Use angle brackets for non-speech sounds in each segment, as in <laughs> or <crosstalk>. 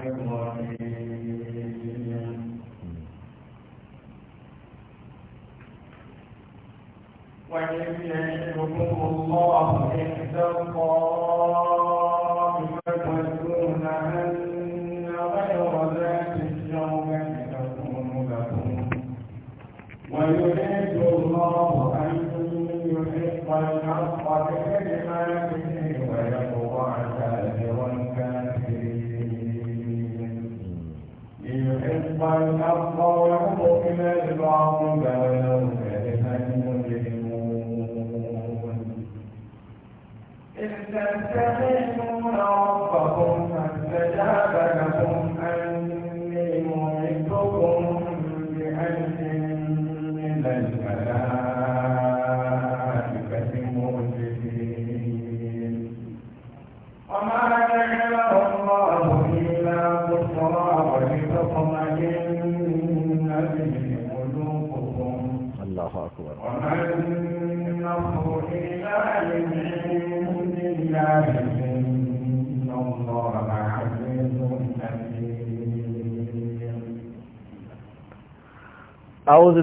وإن يشركم الله إحدى القائل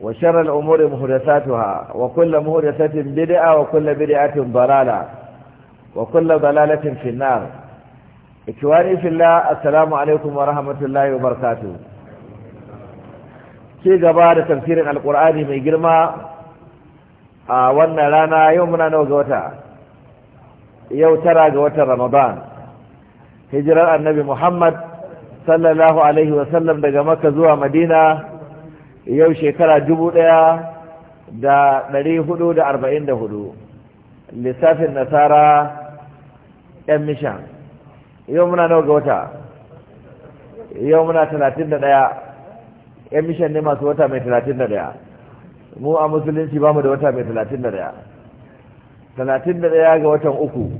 وشر الأمور مهدساتها وكل مهدسة بدعة وكل بدعة ضلالة وكل ضلالة في النار إخواني في الله السلام عليكم ورحمة الله وبركاته ci gaba da tafsirin Alƙur'ani mai girma a wannan rana yau muna nawa ga wata yau tara ga watan ramadan Hijrar annabi muhammad sallallahu alaihi sallam, daga maka zuwa madina yau shekara dubu ɗaya da ɗari hudu da arba'in da hudu lissafin nasara yan mishan yau muna nawa ga wata yau muna talatin da ɗaya yan mishan ne masu wata mai talatin da ɗaya mu a musulunci ba mu da wata mai talatin da ɗaya talatin da ɗaya ga watan uku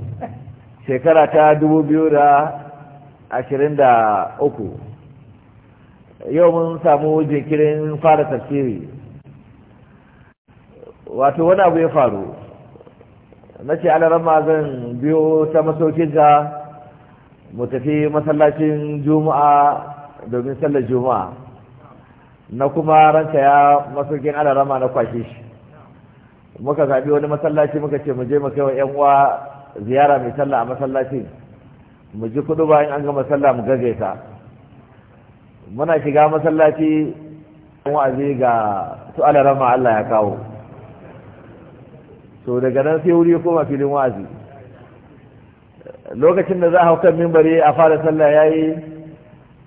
shekara ta dubu biyu da ashirin da uku yau mun samu jinkirin fara tafsiri wato wani abu ya faru na ce alarama zan biyo ta masaukin ga mu tafi masallacin juma'a domin sallar juma'a na kuma ranta ya masaukin alarama na kwashe shi muka zaɓi wani masallaci muka ce mu je mu kai wa 'yan uwa ziyara mai sallah a masallacin mu ji kudu bayan an ga masallah mu gaggaita muna shiga masallaci wa'azi ga su rama Allah ya kawo so daga nan sai wuri koma filin wa'azi lokacin da za a haukan mimbari a fara sallah ya yi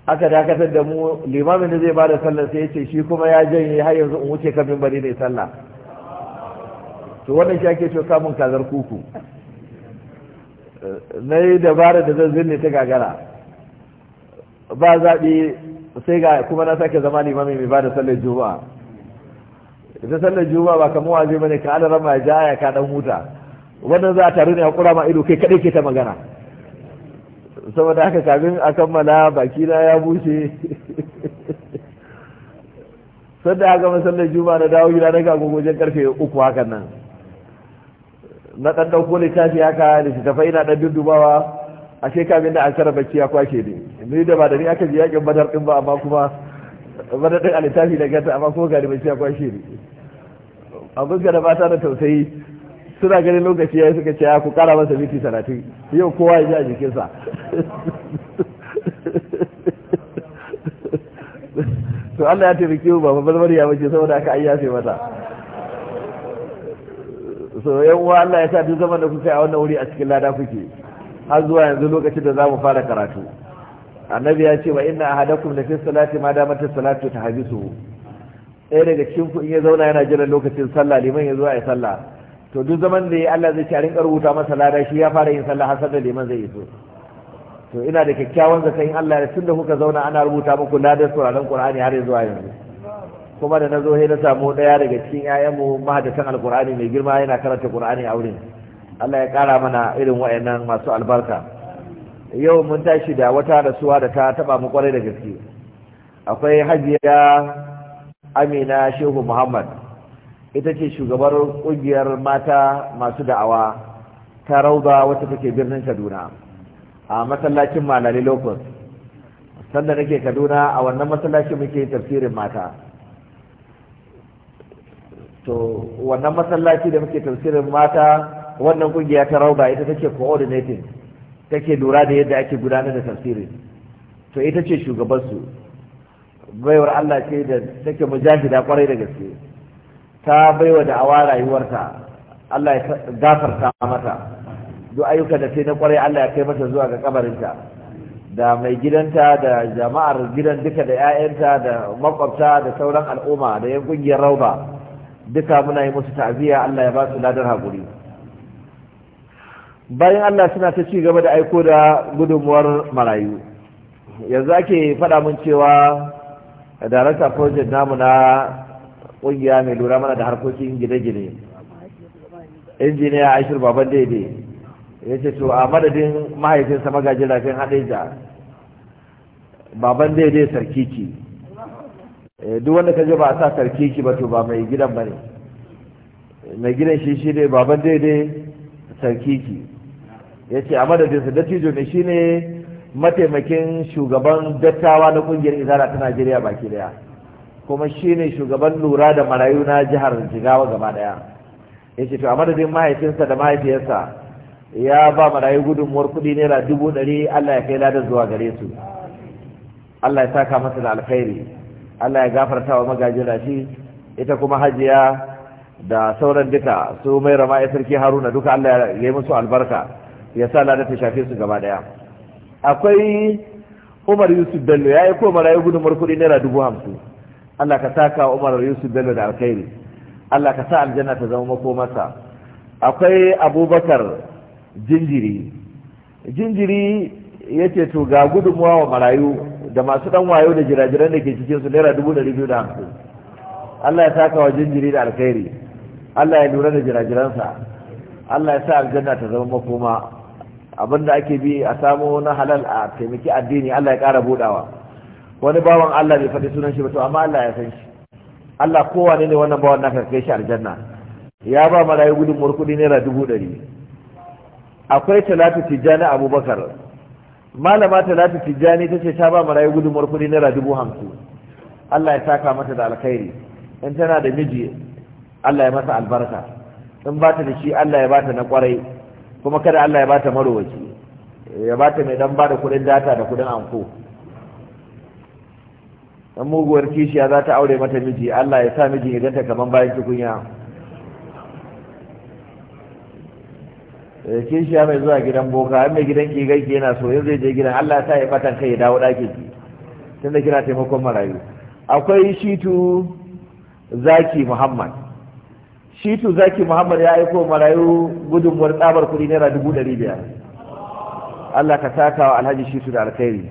aka dakatar da mu limamin da zai ba da sallah sai ya ce shi kuma ya janye har yanzu in wuce kan mimbari ne sallah to wannan shi ake cewa samun kazar kuku na yi dabara da zan zinne ta gagara ba zaɓi sai ga kuma na sake zama limami mai ba da sallar juma'a ita sallar juma'a ba kamar waje bane ka ala rama ja ya ka dan huta wannan za a taru ne a ma ido kai kadai ke ta magana saboda haka kafin a kammala baki na ya bushe sanda aka sallar juma'a na dawo gida na ga gogojen karfe uku hakan nan na dan dauko littafi haka littattafai na dan dudubawa a shekarun da an sarrafa ya kwashe ne ni da ba da ni aka ji yakin badar din ba amma kuma badar din alitafi da gata amma kuma gari bai siya kwashe ne a fuska da mata da tausayi suna ganin lokaci ya suka ce ya ah, ku kara masa miti talatin yau kowa ya ji a jikinsa to Allah ya taimake mu ba babbar ya waje saboda aka ayyase mata so yan uwa Allah ya sa duk zaman da kuka a wannan wuri a cikin lada kuke har zuwa yanzu lokacin da za mu fara karatu annabi ya ce wa inna ahadakum la fi salati ma damat ta salatu tahbisu ɗaya eh, daga cikin ku in ya zauna yana jiran lokacin sallah liman ya zo ya sallah to duk zaman da ya Allah zai ci a rinka rubuta masa lada shi ya fara yin sallah har da liman zai iso to ina da kyakkyawan zaka in Allah ya tunda kuka zauna ana rubuta muku ladar turaren Qur'ani har zuwa yanzu kuma da nazo sai na samu daya daga cikin ƴaƴanmu mahadatan alqur'ani mai girma yana karanta qur'ani a wurin Allah ya kara mana irin waɗannan masu albarka yau mun tashi da wata rasuwa da ta taba mu kwarai da gaske akwai hajiya amina shehu muhammad ita ce shugabar kungiyar mata masu da'awa ta rauda wacce take birnin kaduna a masallacin malali locus sanda nake kaduna a wannan masallaci muke tafsirin mata to wannan masallaci da muke tafsirin mata wannan kungiya ta rauda ita take coordinating take lura da yadda ake gudanar da tafsiri to ita ce shugabansu baiwar Allah ce da take mujahida kwarai da gaske ta baiwa da awa rayuwarta Allah ya gafarta mata duk ayyukan da sai na kwarai Allah ya kai mata zuwa ga kabarinta da mai gidanta da jama'ar gidan duka da 'ya'yanta da makwabta da sauran al'umma da yan kungiyar rauba duka muna yi musu ta'aziya Allah ya ba su ladar haƙuri bayan Allah suna ta ci gaba da aiko da gudunmuwar marayu yanzu ake faɗa mun cewa darasa project namu na ƙungiya mai lura mana da harkokin gine-gine injiniya aishir baban daidai ya ce to a madadin mahaifinsa magajin haɗe da baban daidai sarkiki eh, duk wanda ka je ba a sa sarkiki ba to ba mai gidan ba ne mai gidan shi shi ne baban daidai sarkiki ya ce a madadinsa dattijo ne shine mataimakin shugaban dattawa na kungiyar izara ta najeriya baki daya kuma shi ne shugaban lura da marayu na jihar jigawa gaba daya ya ce to a madadin mahaifinsa da mahaifiyarsa ya ba marayu gudunmuwar kudi naira dubu ɗari allah ya kai ladar zuwa gare su allah ya saka masa da alkhairi allah ya gafarta wa magajin rashi ita kuma hajiya da sauran duka su mai rama sarki haruna duka allah ya yi musu albarka ya sa lada ta shafe su gaba daya akwai umar yusuf bello ya yi ko marayu gudunmar kuɗi naira dubu hamsin allah ka saka umar yusuf bello da alkhairi allah ka sa aljanna ta zama mako masa. akwai abubakar jinjiri jinjiri ya ce to ga gudunmuwa wa marayu da masu dan wayo da jirajiran da ke cikin su naira dubu dari biyu da hamsin allah ya saka wa jinjiri da alkhairi allah ya lura da jirajiransa allah ya sa aljanna ta zama makoma Abin da ake bi a samu na halal a taimaki addini Allah ya ƙara budawa wani bawan Allah bai faɗi sunan shi ba to amma Allah ya san shi Allah kowa ne ne wannan bawan naka kai shi aljanna ya ba marayu gudun murkudi naira dubu ɗari akwai talatu tijjani abubakar malama talatu tijjani ta ce ta ba marayu gudun murkudi naira dubu hamsin Allah ya saka mata da alkhairi in tana da miji Allah ya masa albarka in ba ta da shi Allah ya ba ta na kwarai kuma kada Allah ya bata marowaci ya bata mai dan bada kudin data da kudin anko dan muguwar kishiya za ta aure mata miji Allah ya sa miji ya danta kaman bayan tukunya eh, kishiya mai zuwa gidan boka an mai gidan kigai yana so yanzu ya je gidan Allah ya sa ya batan kai ya dawo ɗakin ki tunda kina taimakon marayu akwai shitu zaki muhammad shitu zaki muhammad ya aiko marayu gudunmuwar tsabar kuɗi naira dubu ɗari biyar allah ka taka wa alhaji shitu da alkhairi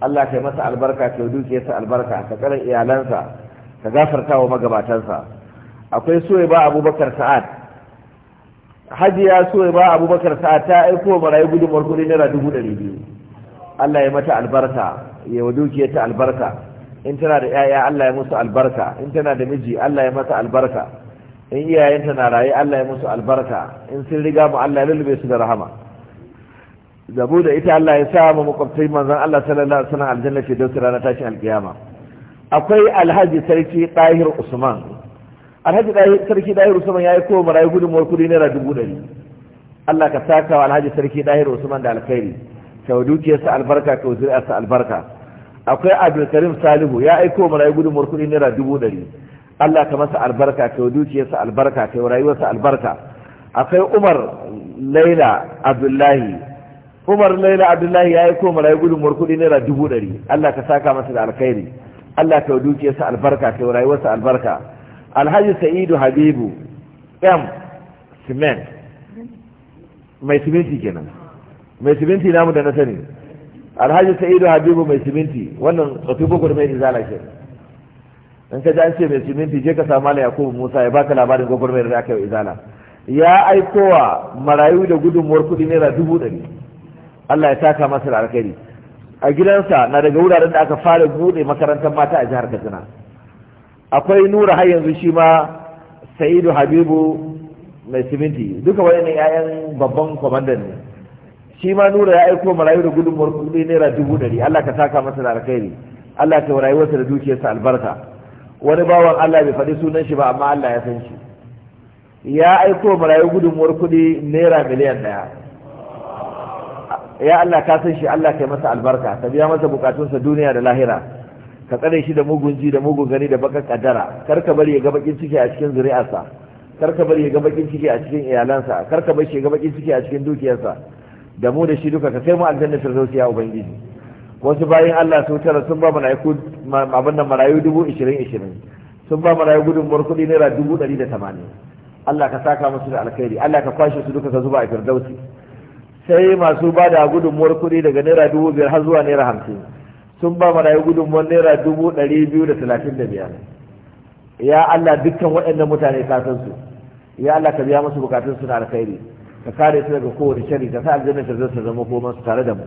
allah ka yi masa albarka ka yi dukiyarsa albarka ka tsare iyalansa ka gafarta wa magabatansa akwai soya ba abubakar sa'ad hajiya soya ba abubakar sa'ad ta aiko wa marayu gudunmuwar kuɗi naira dubu ɗari biyu allah ya mata albarka ya wa dukiyarta albarka in tana da 'ya'ya allah ya musu albarka in tana da miji allah ya masa albarka in iyayenta na raye Allah ya musu albarka in sun riga mu Allah ya lullube su da rahama zabu da ita Allah ya sa mu makwabtai manzon Allah sallallahu alaihi wasallam aljanna ce da ranar tashin alkiyama akwai alhaji sarki Dahir Usman alhaji sarki Dahir Usman yayi ko marayi gudunmuwar kudi naira dubu dari. Allah ka saka wa alhaji sarki Dahir Usman da alkhairi ka dukiyarsa albarka ka zuriyarsa albarka akwai Abdul Salihu ya aiko marayi gudunmuwar kudi naira dubu dari. Allah ka masa albarka ka dukiyarsa albarka ka rayuwarsa albarka akwai Umar Laila Abdullahi Umar Laila Abdullahi ya yi ko gudun gudunmuwar kuɗi naira dubu ɗari Allah ka saka masa da alkhairi Allah ka dukiyarsa albarka ka rayuwarsa albarka Alhaji Sa'idu Habibu M Cement mai siminti kenan mai siminti namu da na sani Alhaji Sa'idu Habibu mai siminti wannan tsofi boko da mai izala kenan in ka ji an ce mai siminti je ka samu ala Yakubu Musa ya baka labarin gwagwarmayar da aka yi izala ya aikowa marayu da gudunmuwar kuɗi naira dubu ɗari Allah ya taka masa da alkhairi a gidansa na daga wuraren da aka fara buɗe makarantar mata a jihar Katsina akwai nura har yanzu shi ma Sa'idu Habibu mai siminti duka wani ƴaƴan babban kwamandan ne shi ma nura ya aiko marayu da gudunmuwar kuɗi naira dubu ɗari Allah ka taka masa da alkhairi Allah ka rayuwarsa da dukiyarsa albarka wani bawan Allah bai faɗi sunan shi ba amma Allah ya san shi ya aiko marayu gudunmuwar kuɗi naira miliyan ɗaya ya Allah ka san shi Allah kai masa albarka ka biya masa bukatunsa duniya da lahira ka tsare shi da mugun ji da mugun gani da baka kaddara kar ka bari ya ga bakin ciki a cikin zuri'arsa kar ka bari ya ga bakin ciki a cikin iyalansa kar ka bari shi ya ga bakin ciki a cikin dukiyarsa da mu da shi duka ka kai mu aljanna firdausi ya ubangiji wasu bayan Allah sun tara sun ba mala'iku abin da marayu dubu ishirin ishirin sun ba marayu gudun kuɗi naira dubu ɗari da tamanin Allah ka saka musu da alkhairi Allah ka kwashe su duka ka zuba a firdausi sai masu ba da gudun kuɗi daga naira dubu biyar har zuwa naira hamsin sun ba marayu gudunmuwar naira dubu ɗari biyu da talatin da biyar ya Allah dukkan waɗannan mutane ka san su ya Allah ka biya musu bukatun su na alkhairi ka kare su daga kowace shari ka sa aljanna ta zama ko su tare da mu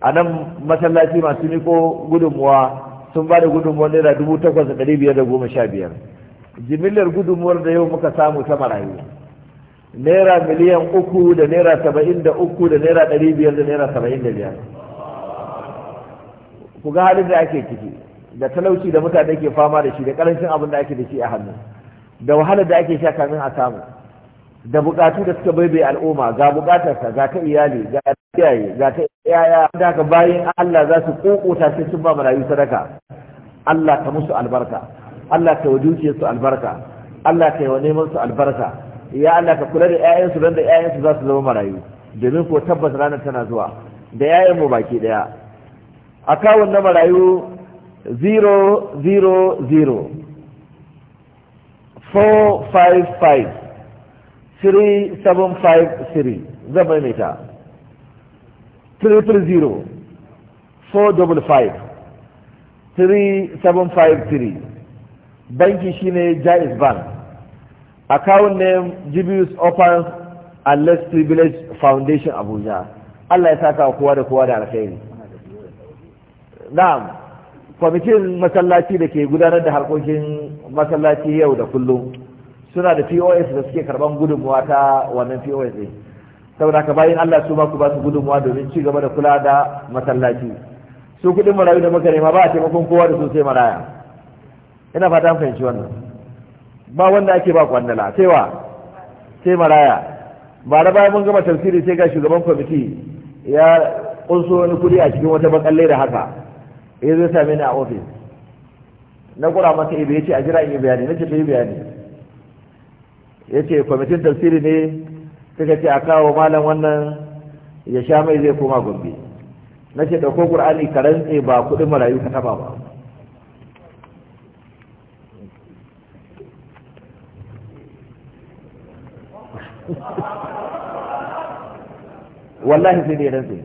a nan masallaci masu niko gudunmuwa sun ba da gudunmuwar naira dubu takwas da ɗari biyar da goma sha biyar jimillar gudunmuwar da yau muka samu ta marayu naira miliyan uku da naira saba'in da uku da naira ɗari biyar da naira saba'in da biyar ku ga halin da ake ciki da talauci da mutane ke fama da shi da ƙarancin abin da ake da shi a hannu da wahalar da ake sha kamin a samu da bukatu da suka baibaye al'umma ga bukatarsa ga ta iyali ga iyaye ga ta yaya da haka bayan Allah za su kokota sai sun ba marayu sadaka Allah ka musu albarka Allah ka wajuce su albarka Allah ka yi wa neman su albarka ya Allah ka kula da ƴaƴansu don da ƴaƴansu za su zama marayu domin ko tabbas ranar tana zuwa da yayan mu baki daya kawun na marayu 000 455 3753 zan maimaita 330 3753 banki shine jais bank account name jibius open and less privilege foundation abuja allah ya saka kowa da kowa da alkhairi na'am kwamitin masallaci da ke gudanar da harkokin masallaci yau da kullum suna da POS da suke karban gudunmuwa ta wannan POS ɗin saboda ka bayan Allah su ma ku ba su gudunmuwa domin ci gaba da kula da masallaci su kuɗin marayu da muka nema ba a taimakon kowa da sosai maraya ina fata an fahimci wannan ba wanda ake ba kwandala sai wa sai maraya ba da bayan mun gama tafsiri sai ga shugaban kwamiti ya kunso wani kuɗi a cikin wata bakalle da haka ya zo same ni a ofis na kura masa ibe ya ce a jira in yi bayani na ce ta yi bayani ya ce kwamitin tafsiri ne suka ce a kawo malam wannan ya sha mai zai koma gombe na ce ɗauko ƙur'ani ka rantse ba kuɗin marayu ka taɓa ba <laughs> wallahi sai ne ya rantse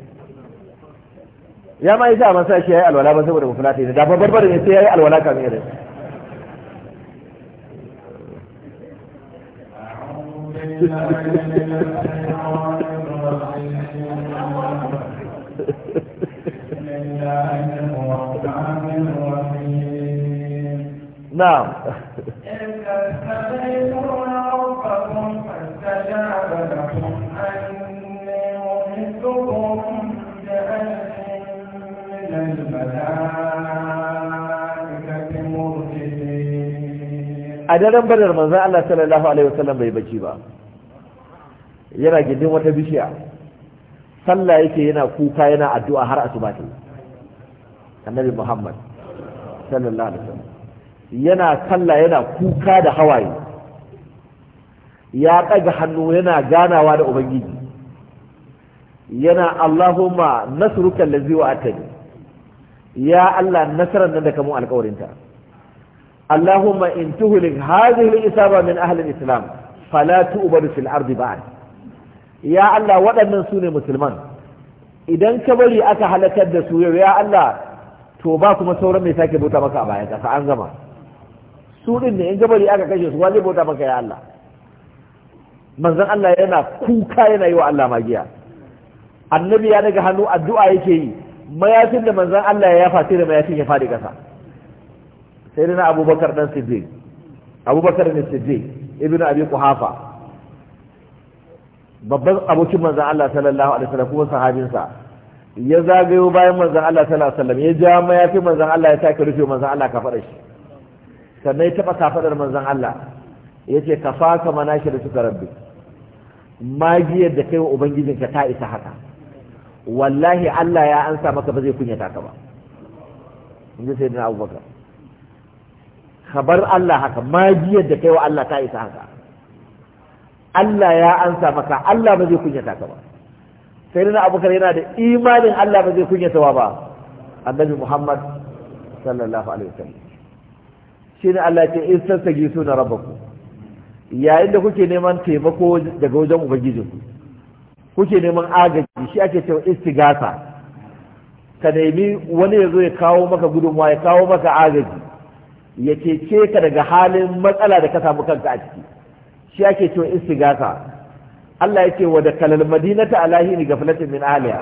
ya ma yi sa masa shi ya yi alwala ba saboda mafulata ne da babbar ne sai ya yi alwala kamar yadda نعم a daren badar manzan Allah sallallahu Alaihi wasallam bai bacci ba yana gindin wata bishiya sallah yake yana kuka yana addu'a har asuba ta annabi muhammad sallallahu alaihi wasallam yana sallah yana kuka da hawaye ya ɗaga hannu yana ganawa da ubangiji yana allahumma nasruka allazi wa'atani ya allah nasarar nan da kamun alƙawarinta allahumma in tuhlik hadhihi al-isaba min ahli al-islam fala tu'badu fil ya Allah waɗannan su ne musulman idan ka bari aka halakar da su ya Allah to ba kuma sauran mai sake bauta maka a bayan kasa an gama su ɗin ne in ka bari aka kashe su wa bauta maka ya Allah manzan Allah yana kuka yana yi wa Allah magiya annabi ya daga hannu addu'a yake yi mayafin da manzan Allah ya yafa sai da mayafin ya fadi kasa sai na abubakar dan siddiq abubakar ne siddiq ibnu abi quhafa babban abokin manzan Allah sallallahu alaihi wasallam kuma sa ya zagayo bayan manzan Allah sallallahu alaihi wasallam ya ja mayafi manzan Allah ya sake rufe manzan Allah ka faɗa shi sannan ya taɓa kafaɗar manzan Allah ya ce ka faka manashi da suka rabbi magiyar da kai wa ka ta isa haka wallahi Allah ya ansa maka ba zai kunyata ka ba inda ji sai abubakar khabar Allah haka magiyar da kai wa Allah ta isa haka Allah ya ansa maka Allah ba zai kunyata ka ba sai na abubakar yana da imanin Allah ba zai kunyata ba annabi Muhammad sallallahu alaihi wasallam shi ne Allah ce in sassage su na rabbaku yayin da kuke neman taimako daga wajen ku kuke neman agaji shi ake cewa istigasa ka nemi wani ya zo ya kawo maka gudunmawa ya kawo maka agaji ya cece ka daga halin matsala da ka samu kanka a ciki shi ake cewa istigasa Allah ya ce wa da kalal madinata alahi ni gaflatin min aliya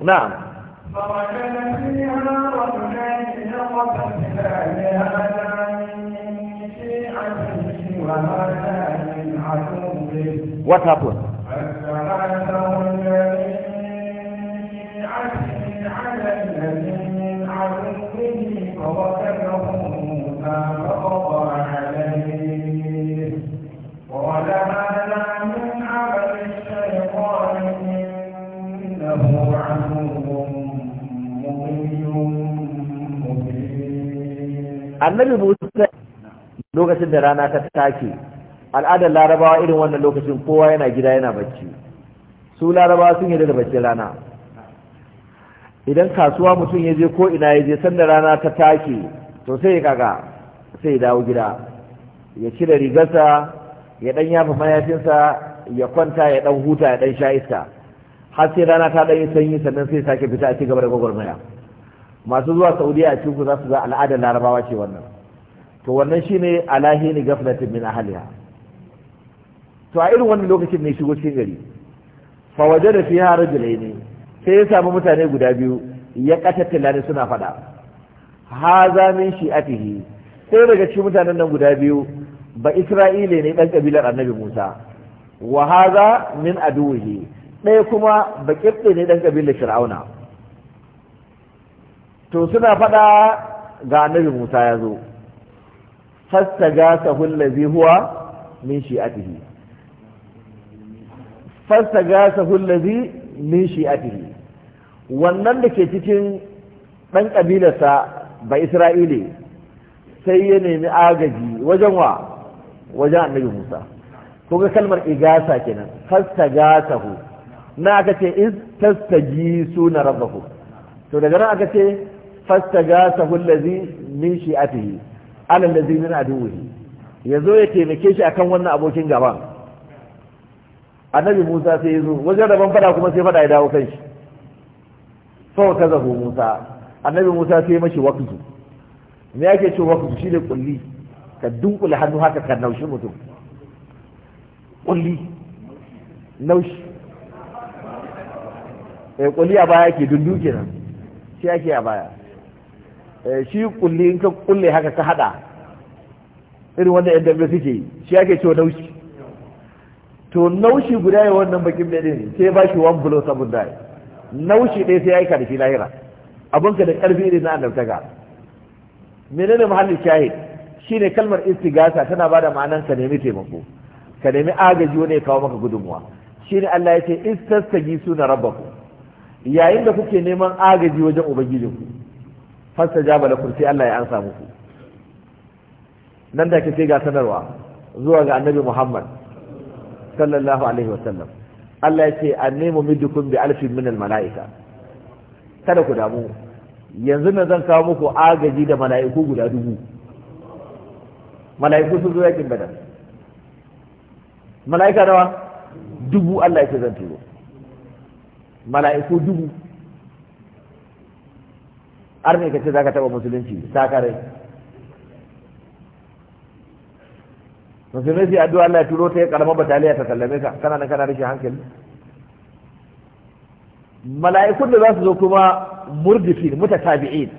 na'am What happened? annabi musa lokacin da rana ta take al'adar larabawa irin wannan lokacin kowa yana gida yana bacci su larabawa sun yi da bacci rana idan kasuwa mutum ya je ko ina ya je sanda rana ta take to sai ya kaga sai ya dawo gida ya cire rigarsa ya dan yafa mayafinsa ya kwanta ya dan huta ya dan sha iska har sai rana ta dan yi sanyi sannan sai sake fita a cigaba da gwagwarmaya masu zuwa saudiya a cikin ku za su ga al'adar larabawa ce wannan to wannan shine alahini gafnatin min ahliha to a irin wannan lokacin ne shigo cikin gari fa wajada fiha rajulaini sai ya samu mutane guda biyu ya kasa tilani suna faɗa haza min shi'atihi sai daga cikin mutanen nan guda biyu ba isra'ile ne dan kabilar annabi musa wa haza min aduwihi ɗaya kuma ba ƙibɗe ne dan kabilar fir'auna to suna faɗa ga annabi musa ya zo fasta gasa hullazi huwa min shi'atihi fasta gasa min shi'atihi wannan da ke cikin ɗan ƙabilarsa ba Isra'ili sai ya nemi agaji wajen wa wajen annabi musa ko ga kalmar igasa kenan fastagasahu na aka ce iz tastaji suna rabbahu to daga nan aka ce fastagasahu allazi min shi'atihi ala allazi min aduwihi yazo ya taimake shi akan wannan abokin gaban annabi musa sai ya zo wajen rabon fada kuma sai fada ya dawo kan shi Sau kaza hu musa annabi musa sai mashi waqtu me yake ce waqtu shi ne kulli ka dunkule hannu haka ka naushi mutum kulli naushi e kulli a baya ke dundu kenan shi yake a baya e shi kulli in ka kulle haka ka hada irin wanda yadda ba suke shi yake ce naushi to naushi guda ya wannan bakin da ne sai ba shi one blow sabon dai na wuce ɗaya sai ya yi ka da shi lahira abinka da ƙarfi ne na annabtaka menene muhallin shahid shine kalmar istigasa tana ba da ma'anar ka nemi taimako ka nemi agaji wani ya kawo maka gudunmuwa shine Allah ya ce istastagi suna rabbaku yayin da kuke neman agaji wajen ubangijinku jaba da sai Allah ya ansa muku nan da ke sai ga sanarwa zuwa ga annabi Muhammad sallallahu alaihi wasallam Allah ya ce annemu midukum bi alfin minal mala'ika kada ku damu yanzu na zan kawo muku agaji da mala'iku guda dubu mala'iku sun zo yakin badar mala'ika nawa dubu Allah ya ce zan turo mala'iku dubu har ne ka ce za ka taɓa musulunci sakarai musulmi sai addu'a Allah ya turo ta ya karama bataliya ta sallame ka kana nan kana rashin hankali mala'ikun da za su zo kuma murdifin mutatabi'in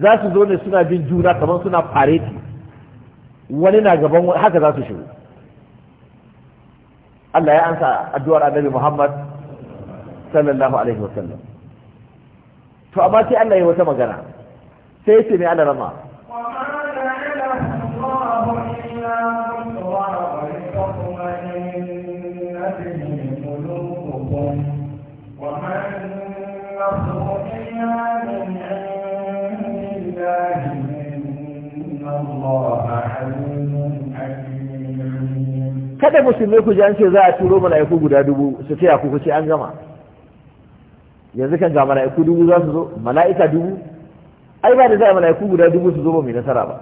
za su zo ne suna bin juna kamar suna fareti wani na gaban haka za su shigo Allah ya ansa addu'ar annabi Muhammad sallallahu alaihi wasallam to amma sai Allah ya wata magana sai ya ce Allah rama kada musulmi ku ji an ce za a turo mala'iku guda dubu su taya ku kuce an gama yanzu kan ga mala'iku dubu za su zo mala'ika dubu ai ba da za a mala'iku guda dubu su zo ba mai nasara ba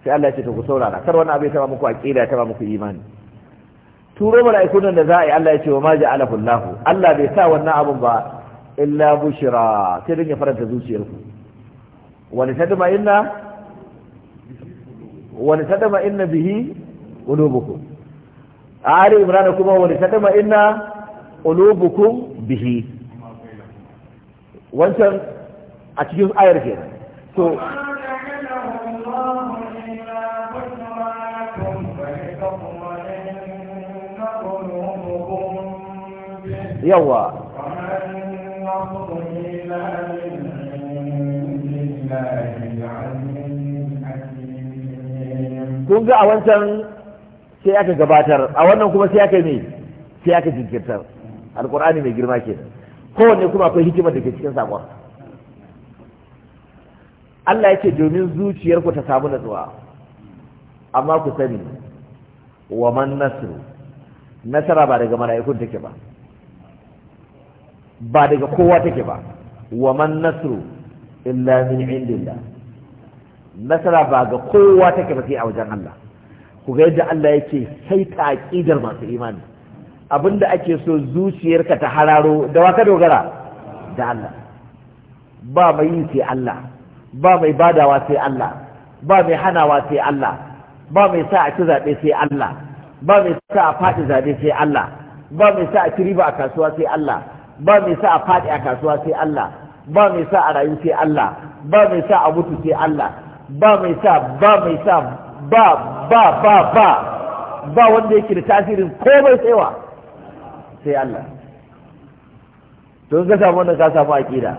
sai Allah ya ce to ku saurara kar wani abu ya taba muku aqida ya taba muku imani turo mala'iku nan da za a yi Allah ya ce wa ma ja'alahu Allah Allah bai sa wannan abun ba illa bushra sai dan ya faranta zuciyarku wani litadma inna wani litadma inna bihi ulubukum ali imran kuma wani satama inna qulubukum bihi wancan a cikin ayar ke to yawa kun ga a wancan sai aka gabatar a wannan kuma sai aka mai sai aka jinkirtar alkur'ani mai girma ke kowanne kuma akwai hikimar da ke cikin sakon Allah ya ce domin zuciyarku ta samu natsuwa amma ku sani wa man nasru nasara ba daga mala'ikun take ba ba daga kowa take ba wa man nasru illa min indillah nasara ba ga kowa take ba sai a wajen Allah ku ga yadda Allah yake sai ta ƙidar masu imani abinda ake so zuciyarka ta hararo da waka dogara da Allah ba mai yi sai Allah ba mai badawa sai Allah ba mai hanawa sai Allah ba mai sa a ci zaɓe sai Allah ba mai sa a faɗi zaɓe sai Allah ba mai sa a ci riba a kasuwa sai Allah ba mai sa a faɗi a kasuwa sai Allah ba mai sa a rayu sai Allah ba mai sa a mutu sai Allah ba mai sa ba mai sa ba ba ba ba ba wanda yake da tasirin komai tsewa sai Allah to ga samu wannan ka samu aqida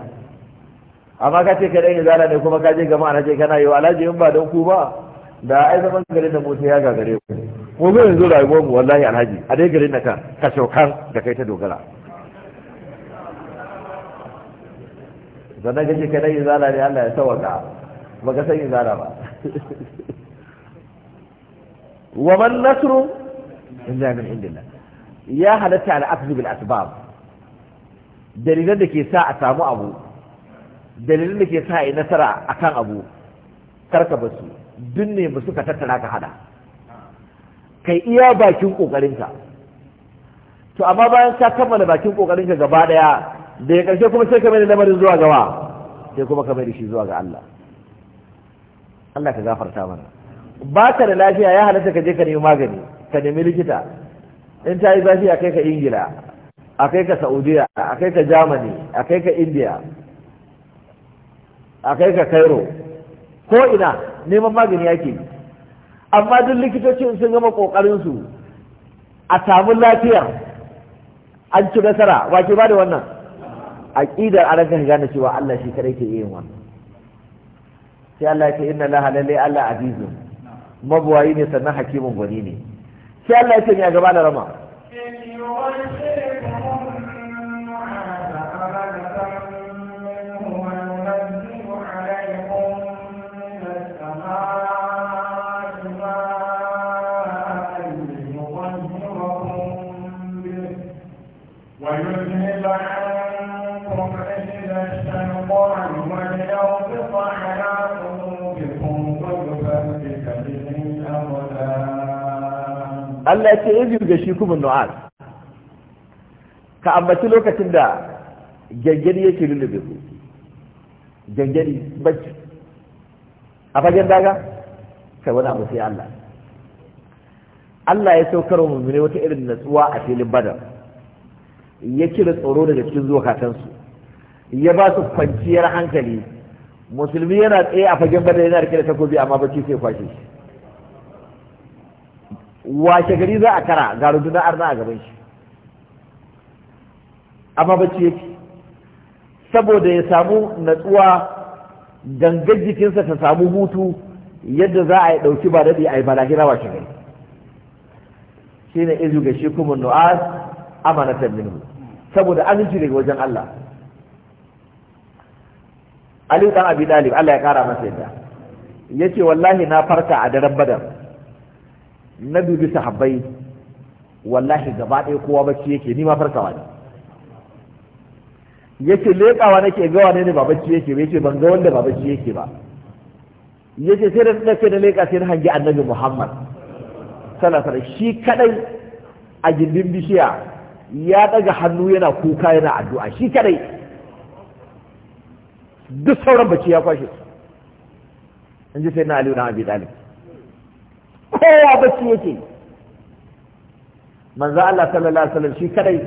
amma ka ce ka dai zana ne kuma ka je gama na ce kana yi alaji in ba dan ku ba da ai zaman garin da mutum ya gagare ku ko zo yanzu rayuwar mu wallahi alhaji a dai garin naka ka shokan da kai ta dogara sannan ka ce ka dan izala ne Allah ya ba baka san izala ba <laughs> wa man nasru illa min indillah ya halatta al akhdhu bil asbab dalilan da ke sa a samu abu dalilan da ke sa a nasara akan abu karka basu duk ne ba suka tattara ka hada kai iya bakin kokarinka to amma bayan ka kammala bakin kokarinka gaba daya da ya karshe kuma sai ka mai da lamarin zuwa gaba, sai kuma ka mai da shi zuwa ga Allah Allah ka gafarta mana ba ka da lafiya ya halatta ka je ka nemi magani ka nemi likita in ta yi zafi a kai ka ingila a kai ka saudiya a kai ka germany a kai ka india a kai ka cairo ko ina neman magani ake yi amma duk likitocin sun gama kokarinsu a samu lafiyar an ci nasara wa ke ba da wannan A aqidar an ka gane cewa Allah shi kare ke yin wannan sai Allah ya ce inna la halalli Allah azizun mabuwayi ne sannan hakimin gwani ne sai Allah ya ce ni a gaba da rama Allah ya ce ya zirga shi kuma nu'as ka ambaci lokacin da gangari yake lullube ku gangari bacci a fagen daga kai wani abu sai Allah Allah ya saukar wa mummune wata irin natsuwa a filin badar ya kira tsoro daga cikin katansu, ya ba su kwanciyar hankali musulmi yana tsaye a fagen badar yana rike da takobi amma bacci sai kwashe shi washe gari za a kara ga rundunar arna a gaban shi amma bacci yake saboda ya samu natsuwa gangar jikinsa ta samu hutu yadda za a yi ɗauki ba daɗi a yi balahira washe gari shi ne izu ga shi kuma nu'as amanatar minhu saboda an aminci daga wajen Allah Aliyu ɗan Abi Dalib Allah ya kara masa yadda yace wallahi na farka a daren Badar na dubi sahabbai wallahi gaba ɗaya kowa bacci yake ni ma farkawa ne yace leƙawa nake ga wane ne ba bacci yake ba yace ban ga wanda ba bacci yake ba yace sai da nake da leƙa sai na hangi annabi Muhammad sallallahu alaihi shi kadai a gindin bishiya ya daga hannu yana kuka yana addu'a shi kadai duk sauran bacci ya kwashe in ji sai na Aliyu na Abi Talib kowa bacci yake manzo Allah sallallahu alaihi wasallam shi kadai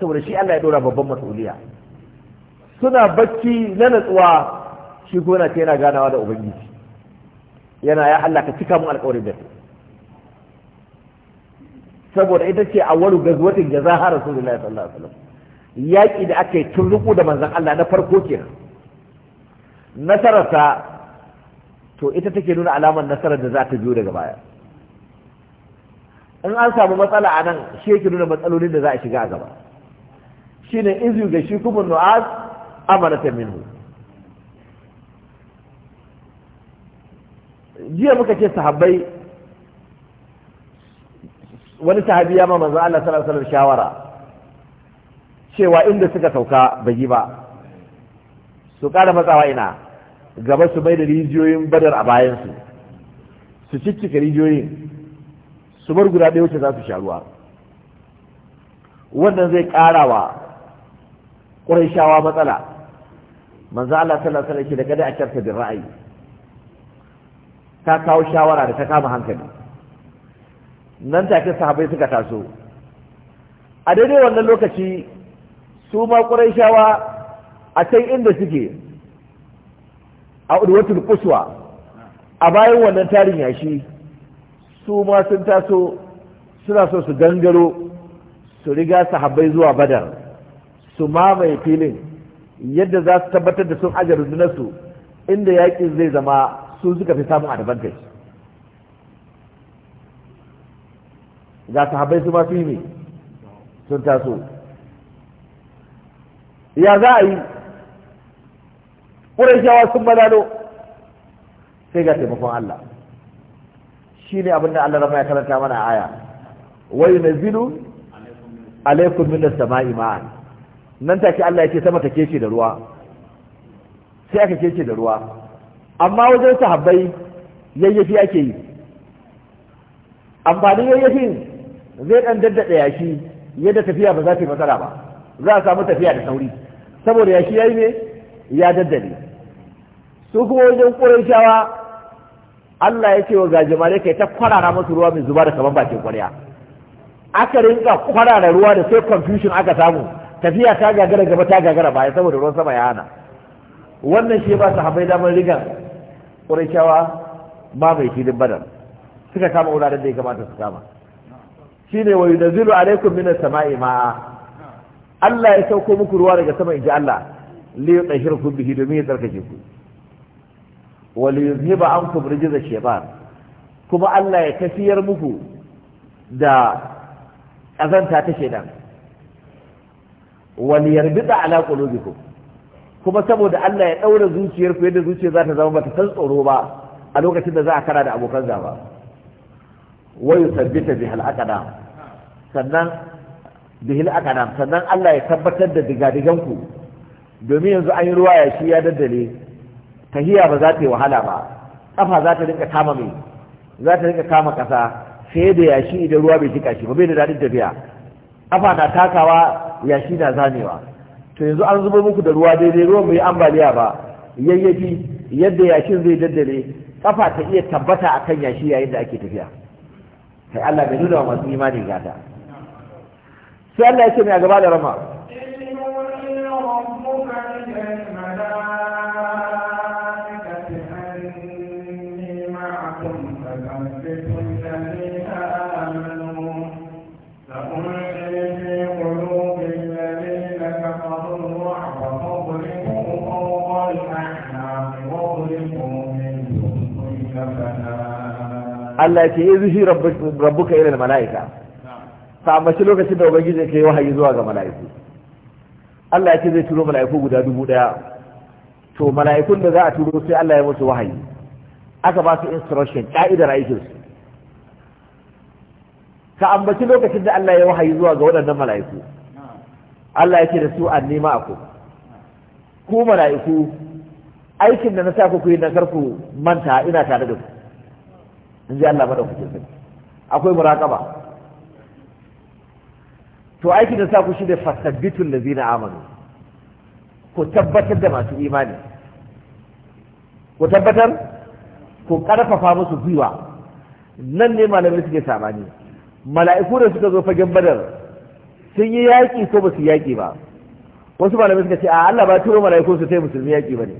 saboda shi Allah ya dora babban mas'uliya suna bacci na natsuwa shi gona ce yana ganawa da ubangiji yana ya Allah ka cika mu alƙawarin da saboda ita ce waru gazwatin jazaha rasulullahi sallallahu alaihi wasallam yaki da aka yi tun ruku da manzon Allah na farko kenan nasararsa to ita take nuna alamar nasarar da za ta biyo daga baya in an samu matsala a nan shi yake nuna matsalolin da za a shiga a gaba shi ne izu ga shi kuma nu'az ta minhu jiya muka ce sahabbai wani sahabi ya ma manzo Allah sallallahu alaihi shawara cewa inda suka sauka bai yi ba su kada matsawa ina gaba su mai da rijiyoyin badar a bayansu su ciccika rijiyoyin su bar guda ɗaya wacce za su sha ruwa wannan zai ƙara wa ƙurayshawa matsala manzo Allah sallallahu alaihi wasallam daga da akarta da ra'ayi ta kawo shawara da ta kama hankali nan take sahabbai suka taso a daidai wannan lokaci su ma ƙurayshawa a can inda suke a urwatul kuswa a bayan wannan tarin yashi su ma sun taso suna so su gangaro su riga sahabbai zuwa badar su mamaye filin yadda za su tabbatar da sun ajar su inda yaƙin zai zama su suka fi samun advantage ga sahabbai su ma ne sun taso ya za a yi ƙurashawa sun malalo sai ga taimakon Allah shi ne abin da Allah rama ya karanta mana aya wai na zilu alaikun min sama'i ma'an nan take Allah ya ce sama ta kece da ruwa sai aka kece da ruwa amma wajen sahabbai yayyafi ake yi amfanin yayyafin zai dan daddada yashi yadda tafiya ba za ta yi matsala ba za a samu tafiya da sauri saboda yashi yayi ne ya daddade su kuma wajen ƙurashawa, Allah ya ce wa gajimare kai ta kwarara masu ruwa mai zuba da kaman bakin ƙwarya aka rinka kwarara ruwa da sai confusion aka samu tafiya ta gagara gaba ta gagara baya saboda ruwan sama ya hana wannan shi ba su habai damar rigan ƙurashawa ba mai filin badar suka kama wuraren da ya kamata su kama Shi ne wa yunzilu alaikum minas sama'i ma'a Allah ya sauko muku ruwa daga sama in ji Allah li yutahhirukum bihi domin ya tsarkake ku wali yuzhiba ankum rijza shaytan kuma Allah ya tafiyar muku da azanta ta shaytan wali yarbita ala qulubikum kuma saboda Allah ya daura zuciyarku yadda zuciyar za ta zama bata san tsoro ba a lokacin da za a kara da abokan gaba wayu sabbita bihal aqdam sannan bihil aqdam sannan Allah ya tabbatar da digadigan ku domin yanzu an yi ruwa ya shi ya daddale tahiya ba za ta yi wahala ba kafa za ta rinka kama mai za ta rinka kama kasa sai da yashi idan ruwa bai jika shi ba bai da daɗin tafiya kafa na takawa yashi na zamewa to yanzu an zuba muku da ruwa daidai ruwan bai ambaliya ba yayyafi yadda yashin zai daddare kafa ta iya tabbata akan yashi yayin da ake tafiya kai Allah bai nuna wa masu imani gata sai Allah ya ce mai a gaba da rama Allah ya ce ya eh, zushi rabbuka ilal mala'ika ta shi lokacin da ubangiji ke wahayi zuwa ga mala'iku Allah ya ce zai turo mala'iku guda dubu daya to mala'ikun da za a turo sai Allah ya musu wahayi aka ba su instruction ka'idar aikin su ka ambaci lokacin da Allah ya wahayi zuwa ga waɗannan mala'iku Allah ya ce da su an nema ku ku mala'iku aikin da na sa ku yi na karku manta ina tare da ku in ji Allah bada kuke sani akwai muraqaba to aiki da sa ku shi da fasabbitul ladzina amanu ku tabbatar da masu imani ku tabbatar ku karfafa musu gwiwa nan ne malamai suke samani, mala'iku da suka zo fagen badar sun yi yaƙi ko ba su yaƙi ba wasu malamai suka ce a Allah ba turo mala'iku su sai musulmi yaƙi ba ne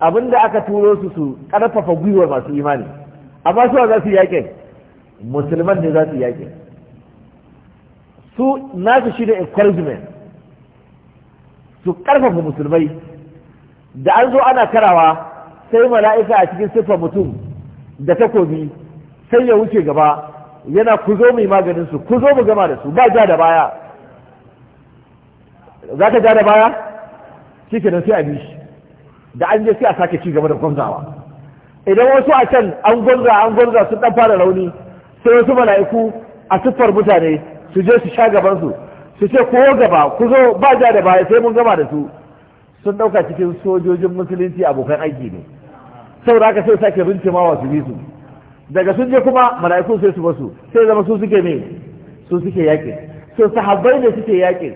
abinda aka turo su su karfafa gwiwar masu imani amma su za su yake musulman ne za su yake su nasu shi da encouragement su karfafa musulmai da an zo ana karawa sai mala'ika a cikin siffar mutum da takobi sai ya wuce gaba yana ku zo mai maganin su ku zo mu gama da su ba ja da baya za ka ja da baya shi kenan sai a bi shi da an je sai a sake ci gaba da kwamzawa idan wasu a can an gwanza an gwanza sun dan fara rauni sai wasu mala'iku a siffar mutane su je su sha gaban su su ce ko gaba ku zo ba ja da baya sai mun gama da su sun dauka cikin sojojin musulunci abokan aiki ne saboda haka sai sake rinci su bi su daga sun je kuma mala'iku sai su basu sai zama su suke ne su suke yaƙi so sahabbai ne suke yaƙi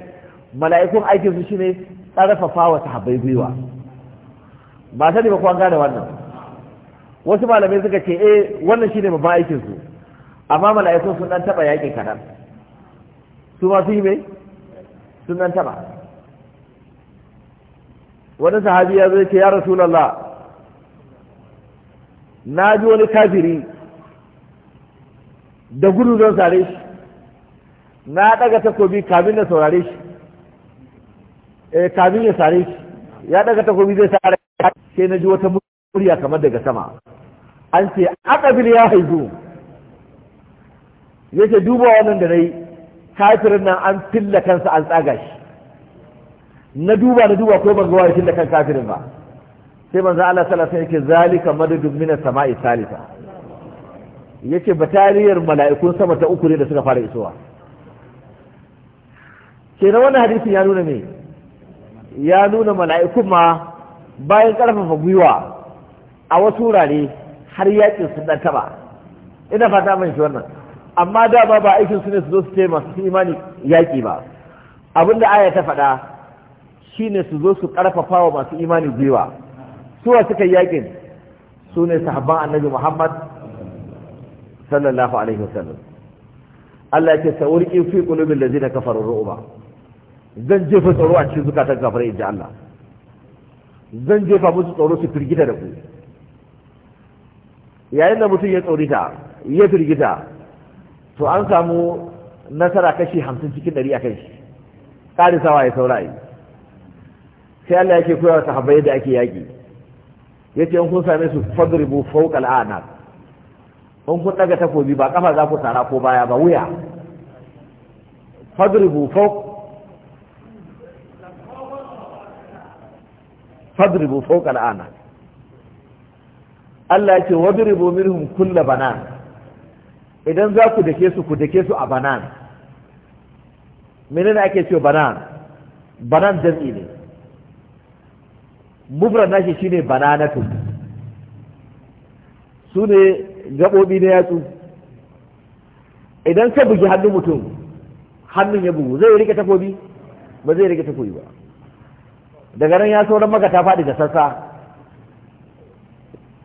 mala'ikun aikin su shine tsarfafa wa sahabbai gwiwa ba sani ba kwan gane wannan wasu malamai suka ce eh wannan shine babban aikin su amma mala'ikun sun dan taba yaƙi kadan su ma su yi mai sun dan taba wani sahabi ya zai ce ya rasulallah na ji wani kafiri da gudu don sare shi na daga takobi kamin da saurare shi eh kamin ya sare shi ya daga takobi zai sare sai na ji wata murya kamar daga sama an ce akabil ya haizu yake duba wannan da yi kafirin nan an tilla kansa an tsaga shi na duba na duba ko ban ga wani filla kan kafirin ba sai manzo Allah sallallahu alaihi wasallam yake zalika madadun min samai salisa yace batariyar mala'ikun sama ta uku ne da suka fara isowa kenan wannan hadisin ya nuna me ya nuna mala'ikun ma bayan karfafa gwiwa a wasu wurare har yakin sun dan taba ina fata mun shi wannan amma da ba ba aikin su ne su zo su taimaka su imani yaki ba abinda aya ta faɗa shine su zo su karfafa wa masu imani gwiwa suwa suka yakin su ne sahabban annabi Muhammad sallallahu alaihi wasallam Allah ya ce sa'urqi fi qulubil ladzina kafaru ru'ba zan jefa tsoro a cikin zukatan kafirai inji Allah zan jefa musu tsoro su firgita da ku yayin da mutum ya tsorita ya firgita to an samu nasara kashi hamsin cikin ɗari a kan shi sawa ya saurayi sai Allah yake koya wa sahabbai yadda ake yaƙi ya ce in kun same su fadribu fawqal anaq in kun ɗaga takobi ba ƙafa za ku tara ko baya ba wuya fadribu fawq fadribu fawqal anaq Allah ya ce wadribu minhum kulla banan idan za ku dake su ku dake su a banan menene ake cewa banan banan jam'i ne mufrad nashi shine bananatu su ne gabobi na yatsu idan ka bugi hannun mutum hannun ya bugu zai rike takobi ba zai rike takobi ba daga nan ya sauran maka ta faɗi da sassa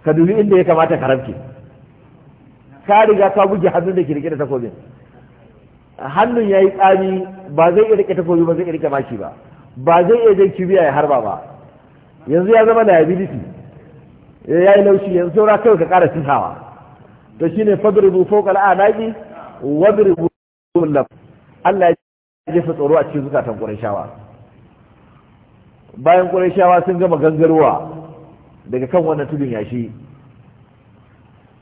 ka dubi inda ya kamata ka rafke ka riga ka buge hannun da ke rike da takobin hannun ya yi tsami ba zai iya rike takobi ba zai iya rike maki ba ba zai iya jan kibiya ya harba ba yanzu ya zama liability eh, ya yi laushi yanzu saura kawai ka kara sisawa to shine fadribu fawqa al'anaqi wadribu laf Allah ya jefa tsoro a cikin zukatan Qurayshawa bayan Qurayshawa sun gama gangarwa daga kan wannan tudun yashi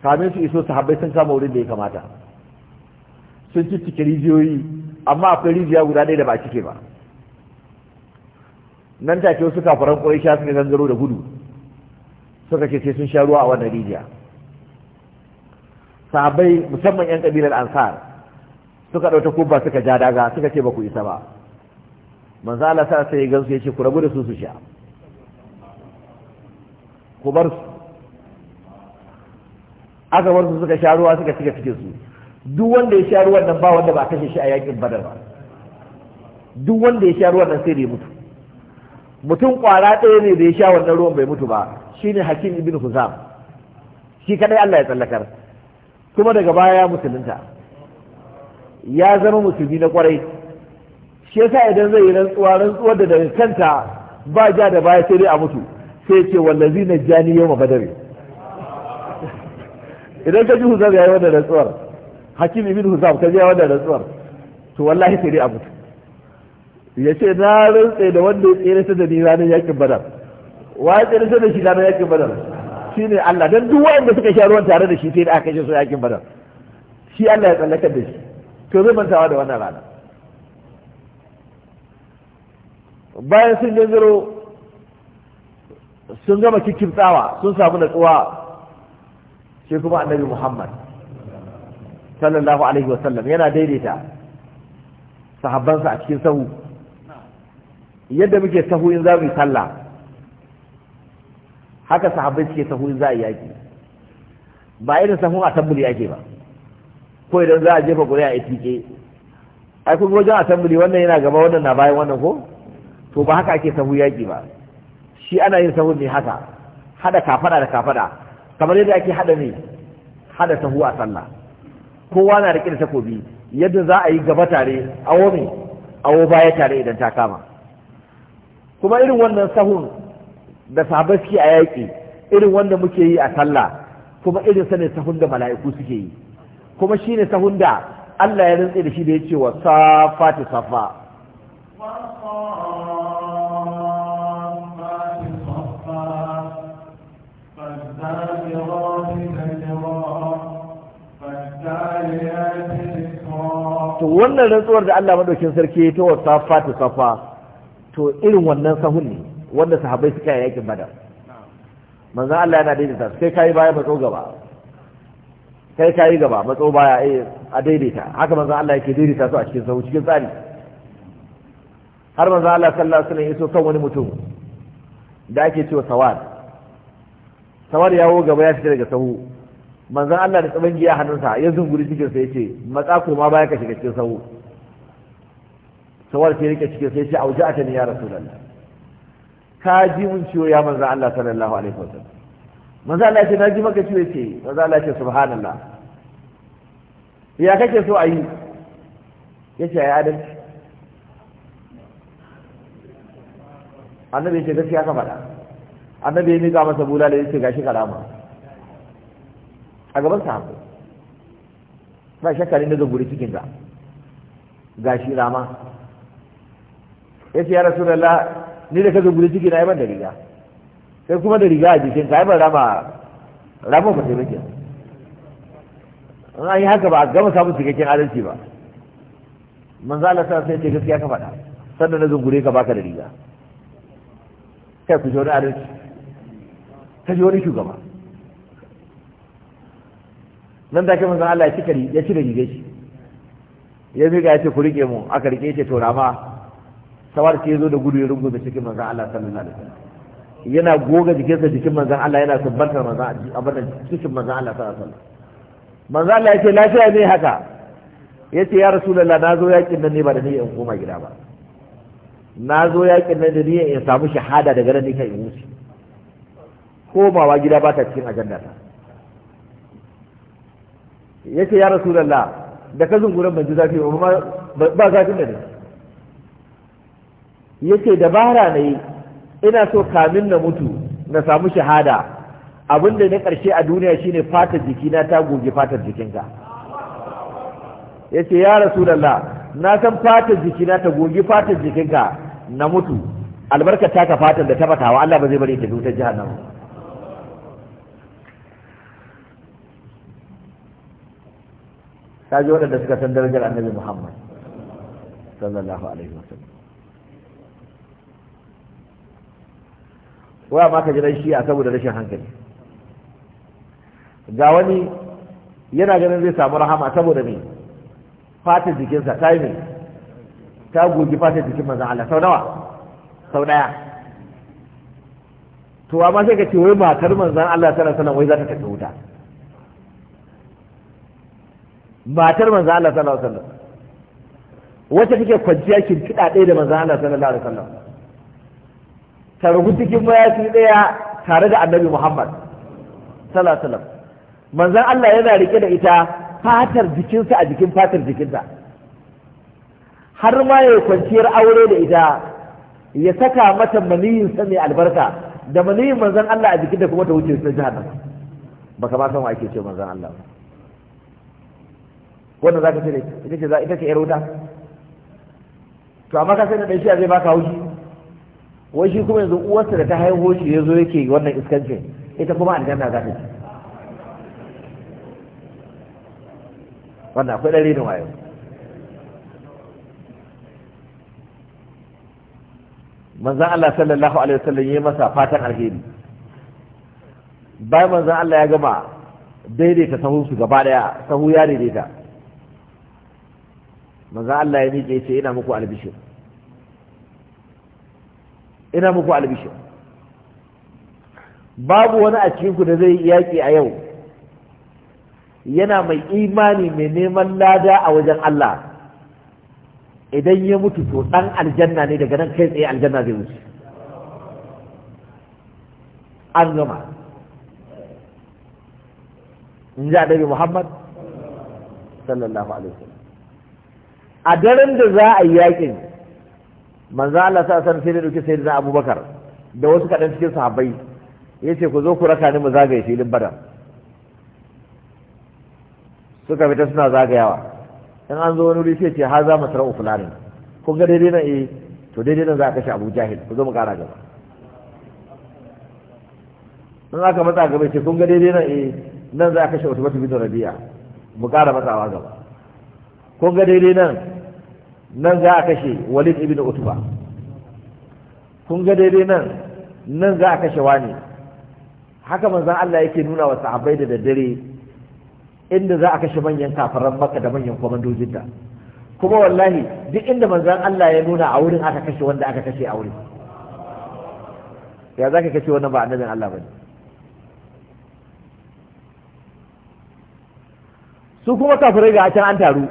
kamin su iso habai sun kama wurin da ya kamata sun cike rijiyoyi amma akwai rijiya guda ɗaya da ba cike ba nan take wasu kafaran sha suka gangaro da gudu suka ce sai sun sha ruwa a wannan rijiya Sahabai musamman 'yan kabilar ansar suka ɗauta ba suka ja daga suka ce ba ku isa ba manzo Allah sa sai ya gansu ya ce ku rabu da su su sha ku bar su aka bar su suka sha ruwa suka cika cikin su duk wanda ya sha ruwan nan ba wanda ba kashe shi a yakin badar ba duk wanda ya sha ruwan nan sai da ya mutu mutum kwara ɗaya ne da ya sha wannan ruwan bai mutu ba shine hakim ibn huzam shi kadai Allah ya tsallakar kuma daga baya ya musulunta ya zama musulmi na kwarai shi yasa idan zai yi rantsuwa rantsuwar da daga kanta ba ja da baya sai dai a mutu sai ce wallazi na jani yau badari idan ka ji huzab ya yi wannan rantsuwar hakim ibn huzab ka ji ya wannan rantsuwar to wallahi sai dai a mutu ya ce na rantsa da wanda ya tsere ta da ni ranar yakin badar wa ya tsere ta da shi ranar yakin badar shi ne Allah don duk waɗanda suka sha ruwan tare da shi sai da aka shi su yakin badar shi Allah ya tsallaka da shi to zai mantawa da wannan rana bayan sun gangaro sun gama kikimtsawa sun samu natsuwa shi kuma annabi muhammad sallallahu alaihi wasallam yana daidaita sahabbansa a cikin sahu yadda muke sahu in za mu yi sallah haka sahabbai suke sahu in za a yaƙi ba irin sahu a tambuli ake ba ko idan za a jefa ƙuri'a a itike ai kun wajen a tambuli wannan yana gaba wannan na bayan wannan ko to ba haka ake sahu yaƙi ba shi ana yin sahu ne haka hada kafada da kafada kamar yadda ake hada ne hada sahu a sallah kowa na rike da takobi yadda za a yi gaba tare awo me awo baya tare idan ta kama kuma irin wannan sahun da sahabbai suke a yaƙi irin wanda muke yi a sallah kuma irin sa ne sahun da mala'iku suke yi kuma shine sahun da Allah ya rantse da shi da ya ce wa ta safa to wannan rantsuwar da Allah madaukin sarki ta wa safa ta safa to irin wannan sahun ne wanda sahabbai suka yi yakin bada manzon Allah yana daidaita sai kai baya matso gaba kai kai gaba matso baya eh a daidaita haka manzon Allah yake daidaita su a cikin sahu cikin tsari har manzon Allah sallallahu alaihi wasallam ya so kan wani mutum da ake cewa sawad sawad yawo gaba ya fita daga sahu manzan Allah da tsaban giya hannunsa ya zunguri cikin sai ce matsa ko ma baya ka shiga cikin sau sawar sai rike cikin a wuce auja'ata ni ya lalla ka ji mun ciwo ya manzan Allah sallallahu alaihi wa sallam manzan Allah ce na ji maka ciwo ce manzan Allah ce subhanallah ya kake so a yi ya yace ya adalci annabi ya ce gaskiya ka faɗa annabi ya miƙa masa da ya ce gashi karama a gaban sahabbai ba shakarin ne daga guri cikin ga gashi rama ya ce ya rasu da la ni da ka zo guri cikin na yaban da riga sai kuma da riga a jikin ka yaban rama rama ba sai mace an yi haka ba a gama samun cikakken adalci ba manzo Allah sa sai ce gaskiya ka faɗa sannan na zungure ka baka da riga kai ku shi wani adalci ka shi wani shugaba nan da ke manzon Allah ya cika ya cire rigar shi ya miƙa ya ce ku rike mu aka rike ce to rama sawar ce zo da gudu ya rungu da cikin manzan Allah sallallahu alaihi wasallam yana goga jikinsa jikin manzan Allah yana manzan Allah abadan cikin manzan Allah sallallahu alaihi wasallam manzan Allah ya ce lafiya ne haka ya ce ya rasulullah na zo yakin nan ne ba da niyyar in koma gida ba na zo yakin nan da niyyar in samu shahada daga nan ne kai in wuce komawa gida ba ta cikin ajanda ta yace ya lalla da ka zungura ban ji zafi ba ba zafin da ne yace dabara ne ina so kamin na mutu na samu shahada abinda na karshe a duniya shine fatar jikina ta goge fatar jikinka yace ya rasu lalla na san fatar jikina ta goge fatar jikinka na mutu albarka ta ka fatar da ta Allah ba zai bari ta zuta jahannama ta ji waɗanda suka san darajar annabi muhammad sallallahu alaihi wasallam wa ma ka ji dan shi'a saboda rashin hankali ga wani yana ganin zai samu rahama saboda me fatin jikinsa ta yi ne ta gogi fatin jikin manzan Allah sau nawa sau daya to amma sai ka ce wai matar manzan Allah sallallahu alaihi wasallam wai za ta tafi wuta matar manzo Allah sallallahu alaihi wasallam wacce take kwanciya kirkida ɗaya da manzo Allah sallallahu alaihi wasallam ta rubu cikin mayafi ɗaya tare da annabi Muhammad sallallahu alaihi wasallam manzon Allah yana rike da ita fatar jikinsa a jikin fatar jikinta har ma ya kwanciyar aure da ita ya saka mata maniyin sa mai albarka da maniyin manzon Allah a jikinta kuma ta wuce sai jahannama baka ba san wa ake ce manzon Allah ba wanda zaka ce ne ita ce za ita ce yaro wuta to amma ka sai da shi zai baka haushi wai shi kuma yanzu uwarsa da ta haihu shi ya zo yake wannan iskance ita kuma aljanna za ta ci wannan akwai dalilin wayo manzan Allah sallallahu alaihi wasallam ya masa fatan alheri bayan manzan Allah ya gama daidaita sahunsu gaba daya sahu ya daidaita manzan Allah ya miƙe ce ina muku albishir ina muku albishir babu wani a cikinku da zai yaƙi a yau yana mai imani mai neman lada a wajen Allah idan ya mutu to ɗan aljanna ne daga nan kai tsaye aljanna zai wuce an gama in ji annabi Muhammad sallallahu alaihi wasallam a daren da za a yi yakin manzo Allah sa san sai da dauki sayyidina Abubakar da wasu kadan cikin sahabbai yace ku zo ku raka ni mu zagaye filin Badar suka fita suna zagayawa in an zo wani wuri sai ce haza masra'u fulani kun ga daidai na eh to daidai nan za a kashe Abu Jahil ku zo mu kara gaba in aka matsa gaba ce kun ga daidai na eh nan za a kashe Utbatu bin Rabi'a mu kara matsawa gaba kun ga daidai nan nan za a kashe walid ibn utba kun ga daidai nan nan za a kashe wani haka manzon Allah yake nuna wa sahabbai da daddare inda za a kashe manyan kafaran maka da manyan ta. kuma wallahi duk inda manzan Allah ya nuna a wurin aka kashe wanda aka kashe a wurin ya za ka kashe wannan ba annabin Allah ba ne su kuma kafirai ga can an taru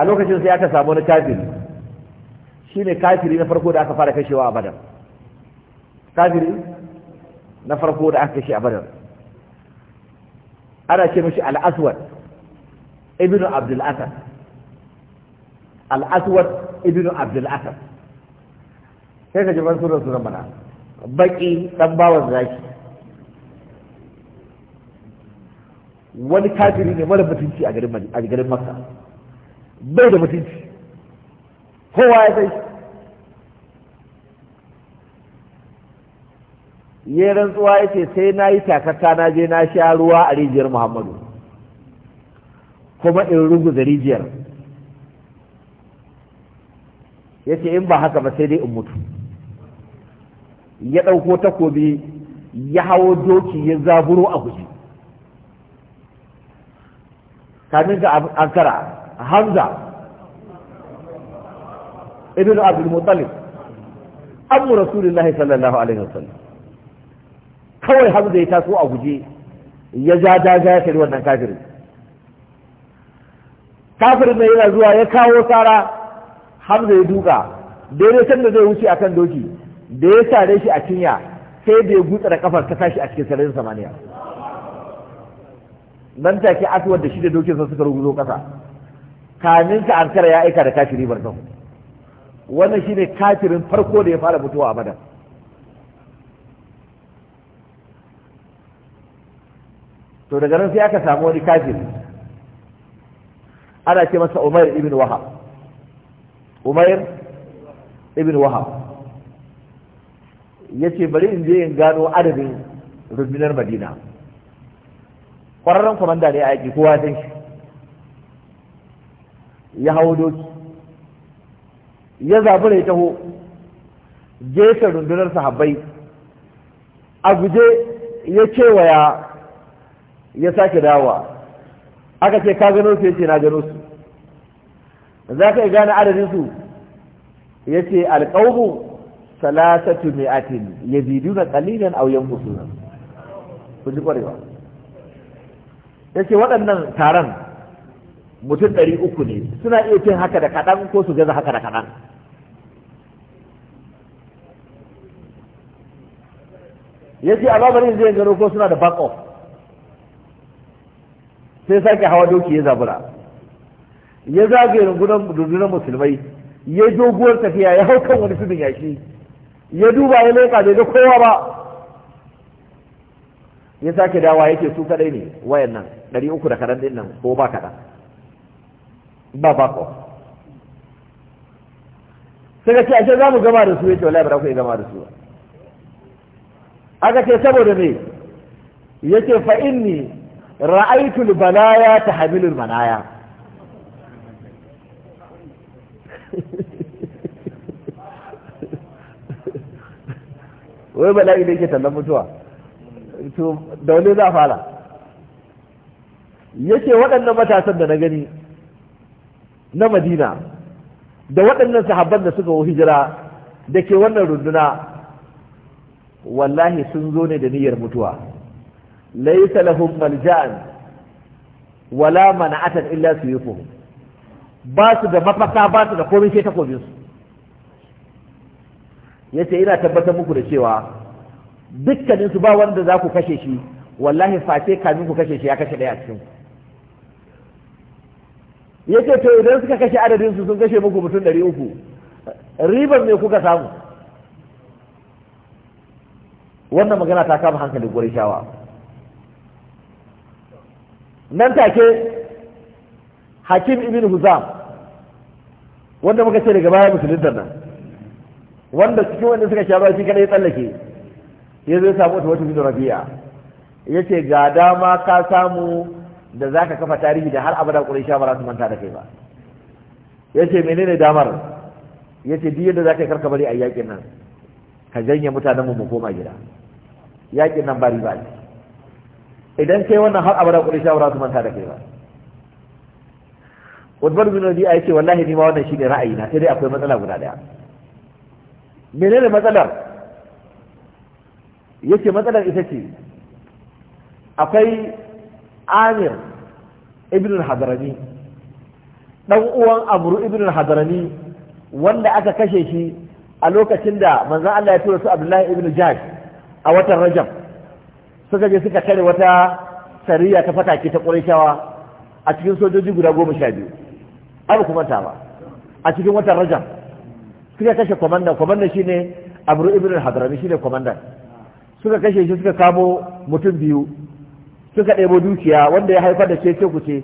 a lokacin sai aka samu wani kafiri shi ne kafiri na farko da aka fara kashewa a badar kafiri na farko da aka kashe a badar ana ce mashi al'aswad ibn abdul asad al'aswad ibn abdul sai ka ji ban sunan sunan mana baki dan bawan zaki wani kafiri ne mara mutunci a garin makka bai da mutunci kowa ya sai ya rantsuwa ya ce sai na yi takarta na je na sha ruwa a rijiyar muhammadu kuma in ruguza rijiyar ya ce in ba haka ba sai dai in mutu ya ɗauko takobi ya hawo doki ya zaburo a guji kamin ga ankara hamza ibn abdul muttalib abu rasulullahi sallallahu alaihi wasallam kawai hamza ya taso a guje ya ja daga ya kari wannan kafirin kafirin ne yana zuwa ya kawo sara hamza ya duka daidai can da zai wuce akan doki da ya sare shi a cinya sai da ya gutsa da kafar ta tashi a cikin sararin samaniya nan take aswar da shi da dokin sa suka ruguzo kasa kamin ka ankara ya aika da kafiri barzahu wannan shine kafirin farko da ya fara mutuwa a badar to daga nan sai aka samu wani kafiri ana ce masa Umar ibn Wahab Umar ibn Wahab yace bari in je in gano adadin rundunar Madina kwararren kwamanda ne a yaki kowa san shi ya hawo doki ya zabura ya taho jesa rundunar sahabbai a guje ya kewaya ya sake dawa aka ce ka gano su ya ce na gano su za ka gane adadin su ya ce alƙawu salasatu bidu na qalilan auyen yanqusuna kun ji kwarewa yace waɗannan taron mutum ɗari uku ne suna iya cin haka da kaɗan ko su gaza haka da kaɗan ya ce a babarin zai gano ko suna da back off sai sake hawa doki ya zabura ya zagaye rundunar musulmai ya doguwar tafiya ya hau kan wani tudun yashi ya duba ya leƙa bai ga kowa ba ya sake dawa yake su kadai ne wayan nan ɗari uku da kaɗan ɗin nan ko ba kaɗan ba bako sai ka ce ce za mu gama da su yace wallahi ba za ku gama da su aka ce saboda me yace fa inni ra'aytu al-balaya tahmilu al-manaya wai bala'i da yake tallan mutuwa to da wani za a fara ce waɗannan matasan da na gani na madina da waɗannan sahabban da suka hijira da ke wannan runduna wallahi sun zo ne da niyyar mutuwa laisa lahum maljan wala mana'atan illa suyufuhum ba su da mafaka ba su da komai sai takobin su yace ina tabbatar muku da cewa dukkaninsu ba wanda za ku kashe shi wallahi face kamin ku kashe shi ya kashe ɗaya a cikin ku yace to idan suka kashe adadin su sun kashe muku mutum ɗari uku ribar me kuka samu wannan magana ta kama hankali shawa nan take hakim ibn huzam wanda muka ce daga baya musulunta nan wanda cikin wanda suka sha shi kada ya tsallake ya zai samu wata wata bin rabi'a ya ce ga dama ka samu da za ka kafa tarihi da har abada ƙuraisha ba za su manta da kai ba ya ce menene damar ya ce duk yadda za ka karka bari a yaƙin nan ka janye mutanen mu koma gida yaƙin nan bari ba idan kai wannan har abada ƙuraisha ba za su manta da kai ba Udbar bin Rabi'a ya ce wallahi ni ma wannan shine ra'ayina sai dai akwai matsala guda daya menene matsalar yace matsalar ita ce akwai amir ibn al-hadrami dan uwan abru ibn al-hadrami wanda aka kashe shi a lokacin da manzon Allah ya tura su abdullahi ibn jahsh a watan rajab suka je suka tare wata sariya ta fataki ta qurayshawa a cikin sojoji guda goma sha biyu abu kuma ta ba a cikin watan rajab suka kashe kwamandan kwamandan shine Abru ibn al-hadrami shine kwamandan suka kashe shi suka kamo mutum biyu suka ɗebo dukiya wanda ya haifar da ce ku ce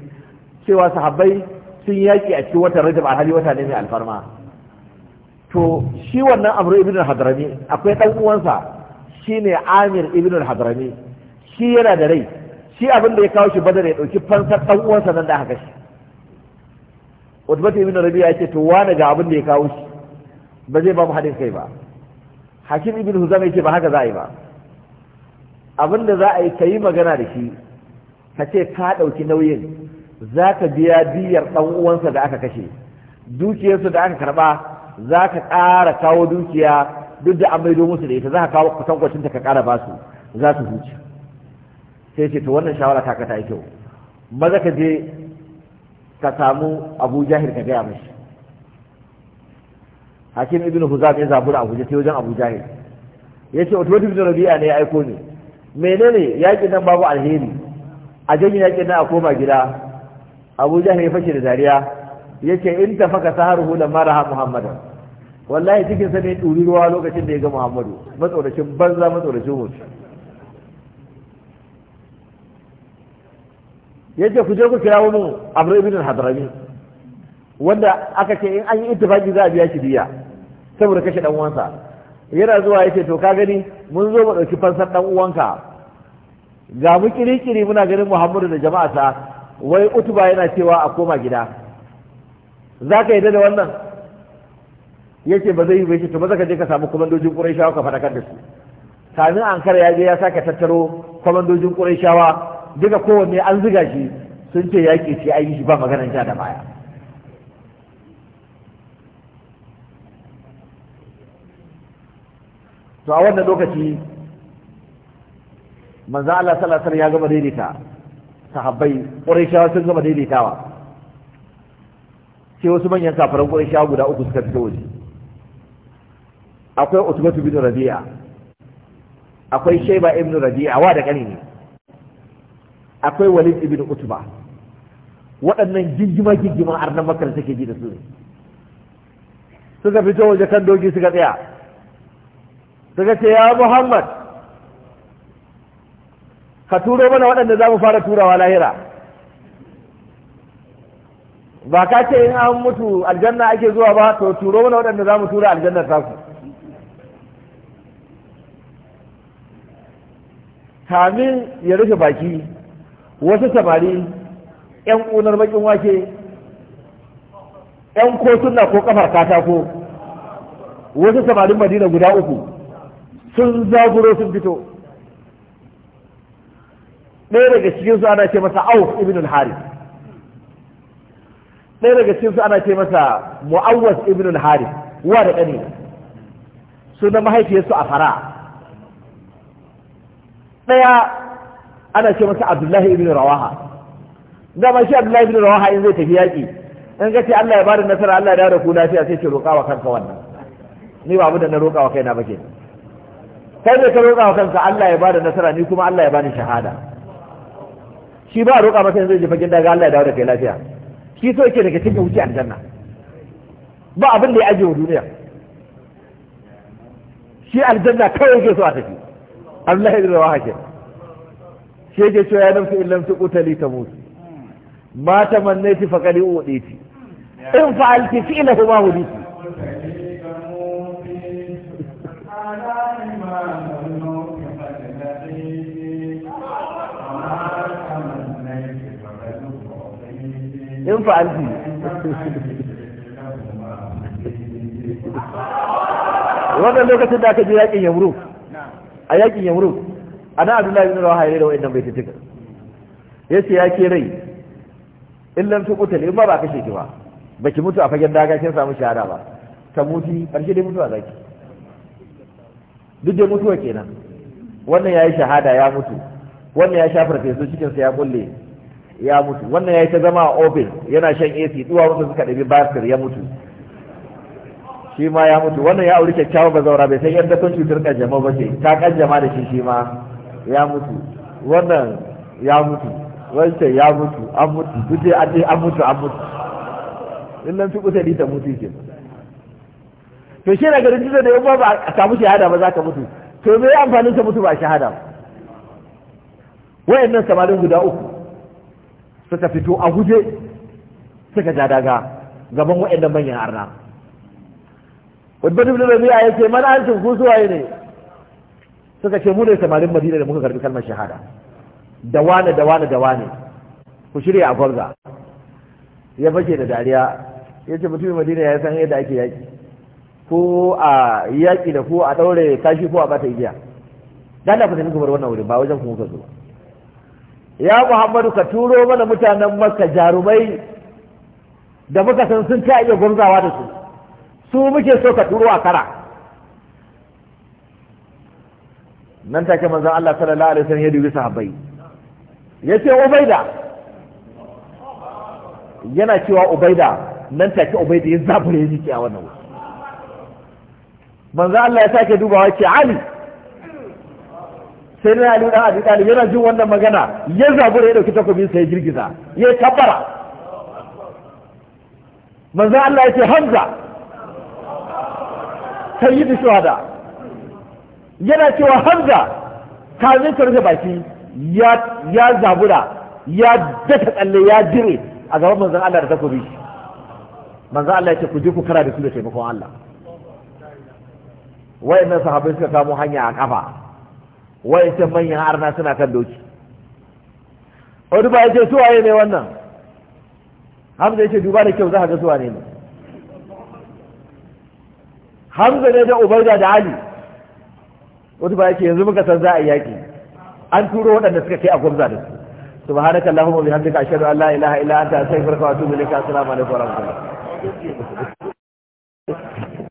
cewa sahabbai sun yaƙi a cikin watan rajab alhali wata ne mai alfarma to shi wannan amru ibn hadrami akwai dan uwansa shine amir ibn hadrami shi yana da rai shi abin da ya kawo shi badar ya dauki fansar dan uwansa nan da aka kashe utbatu ibn rabi'a ya ce to wani ga abin da ya kawo shi ba zai ba mu haɗin kai ba hakim ibn huzama ya ce ba haka za a yi ba abin da za a yi ka yi magana da shi ka ce ka ɗauki nauyin za ka biya biyar ɗan uwansa da aka kashe dukiyarsu da aka karɓa za ka ƙara kawo dukiya duk da an maido musu da ita za ka kawo kusan ka ƙara ba su za su huce sai ce to wannan shawara ta kata ta yi kyau maza ka je ka samu abu jahil ka gaya mashi hakim ibn huzam ya zabura abuja sai wajen abu jahil ya ce otomotive rabi'a ne ya aiko ne menene yaƙin nan babu alheri a janye yaƙin nan a koma gida abu jahil ya fashe da dariya ya ce in tafaka saharuhu mara ha Muhammadu wallahi cikin sa ne ruwa lokacin da ya ga muhammadu matsoracin banza matsoracin wuce ce ku je ku kira wani abu ibn al-hadrami wanda aka ce in an yi itifaki za a biya shi diya saboda kashe dan uwansa yana zuwa ce to ka gani mun zo mu ɗauki fansar dan uwanka ga mu kirikiri muna ganin muhammadu da jama'ata wai utuba yana cewa a koma gida za ka yadda da wannan ya ce ba zai yi bai ce to zaka je ka samu kwamandojin ƙuraishawa ka faɗakar da su kamin ankara ya je ya sake tattaro kwamandojin ƙuraishawa duka kowanne an ziga shi sun ce yaƙi ce an yi shi ba maganar sha da baya to a wannan lokaci manzo Allah sallallahu alaihi ya gama daidaita sahabbai quraishawa sun gama daidaitawa sai wasu manyan kafaran quraishawa guda uku suka fito waje akwai Utbatu bin Rabi'a akwai Shayba ibn Rabi'a wa da kani ne akwai Walid ibn Utba waɗannan jinjima har arnan makar take ji da su ne suka fito waje kan doki suka tsaya suka ce ya Muhammad ka turo mana waɗanda za mu fara turawa lahira ba ka ce in an mutu aljanna ake zuwa ba to turo mana waɗanda za mu tura aljannar ku kamin ya rufe baki wasu samari 'yan ƙunar bakin wake 'yan kotuna ko kafar katako wasu samarin madina guda uku sun zaguro sun fito ɗaya daga cikin su ana ce masa auf ibn al-harith ɗaya daga cikin su ana ce masa mu'awwas ibn al-harith wa da ƙani sunan mahaifiyarsu a fara ɗaya ana ce masa abdullahi ibn rawaha dama shi abdullahi ibn rawaha in zai tafi yaƙi in ga ce Allah ya bada nasara Allah ya dawo da ku lafiya sai ce roƙawa wa kanka wannan ni ba abin da na roƙawa wa kaina ba ke kai ne ka roƙawa wa kanka Allah ya bada nasara ni kuma Allah ya bani shahada shi ba a roƙa masa yanzu jefa gida ga Allah ya dawo da kai lafiya shi so yake daga cikin wuce aljanna ba abin da ya ajiye wa duniya shi aljanna kawai yake so a tafi Allah ya rawa hake shi yake cewa ya nafsu illam ta tamut ma tamannaiti faqali uditi in fa'alti fi'lahu ma huditi in fa'alti wannan lokacin da aka je yakin yamru a yakin yamruk ana abdullahi bin rawaha ya da wayannan bai tuka yace ya ke rai in su kutal in ba ba kashe ki ba baki mutu a fagen daga kin samu shahada ba ta mutu karshe dai mutuwa zaki duk da mutuwa kenan wannan yayi shahada ya mutu wannan ya shafar fesu cikin sa ya kulle ya mutu wannan ya yi ta zama a ofis yana shan ac duwa wanda suka ɗabi basir ya mutu shi ma ya mutu wannan ya auri ga zaura bai san yadda kan cutar kanjama ba ce ta kanjama da shi shi ma ya mutu wannan ya mutu wancan ya mutu an mutu duk an je an mutu an mutu illan su kusa ta mutu ke to shi daga rijistar da yamma ba a samu shahada ba za ka mutu to me amfanin ta mutu ba shahada ba wayannan samarin guda uku suka fito a guje suka ja daga gaban waɗannan manyan arna wadbatu ibn rabi'a yace man antum ku suwaye ne suka ce mu ne samarin madina da muka karbi kalmar shahada da wane da wane da wane ku shirya a gwarza ya fashe da dariya ya ce mutumin madina ya san yadda ake yaki ko a yaki da ko a ɗaure kashi ko a bata igiya dan da ku tafi kamar wannan wurin ba wajen kuma ka zo ya muhammadu ka turo mana mutanen makka jarumai da muka san sun ta iya gurzawa da su su muke so ka turo a kara nan take manzon Allah sallallahu alaihi wasallam ya dubi sahabbai yace ubaida yana cewa ubaida nan take ubaida ya zabure jiki a wannan manzon Allah ya sake dubawa ce ali sai na ali dan abi talib yana jin wannan magana ya da ya dauki takobin sa ya girgiza ya tabbara manzo Allah ya ce hamza sayyidu shuhada yana cewa hamza kazin ka rufe baki ya ya zabura ya dafa tsalle ya jire a gaban manzon Allah da takobi manzon Allah ya ce ku je ku kara da su da taimakon Allah wayannan sahabbai suka kamo hanya a kafa wa'ancan manyan arna suna kan doki o duba ya ce suwaye ne wannan hamza ya ce duba da kyau za ka ga suwa ne hamza ne da ubaida da ali o duba ya ce yanzu muka san za a yaƙi an turo waɗanda suka kai a gwamza da su subhanakallahumma bihamdika ashhadu an la ilaha illa anta astaghfiruka wa atubu ilayka assalamu alaikum wa rahmatullahi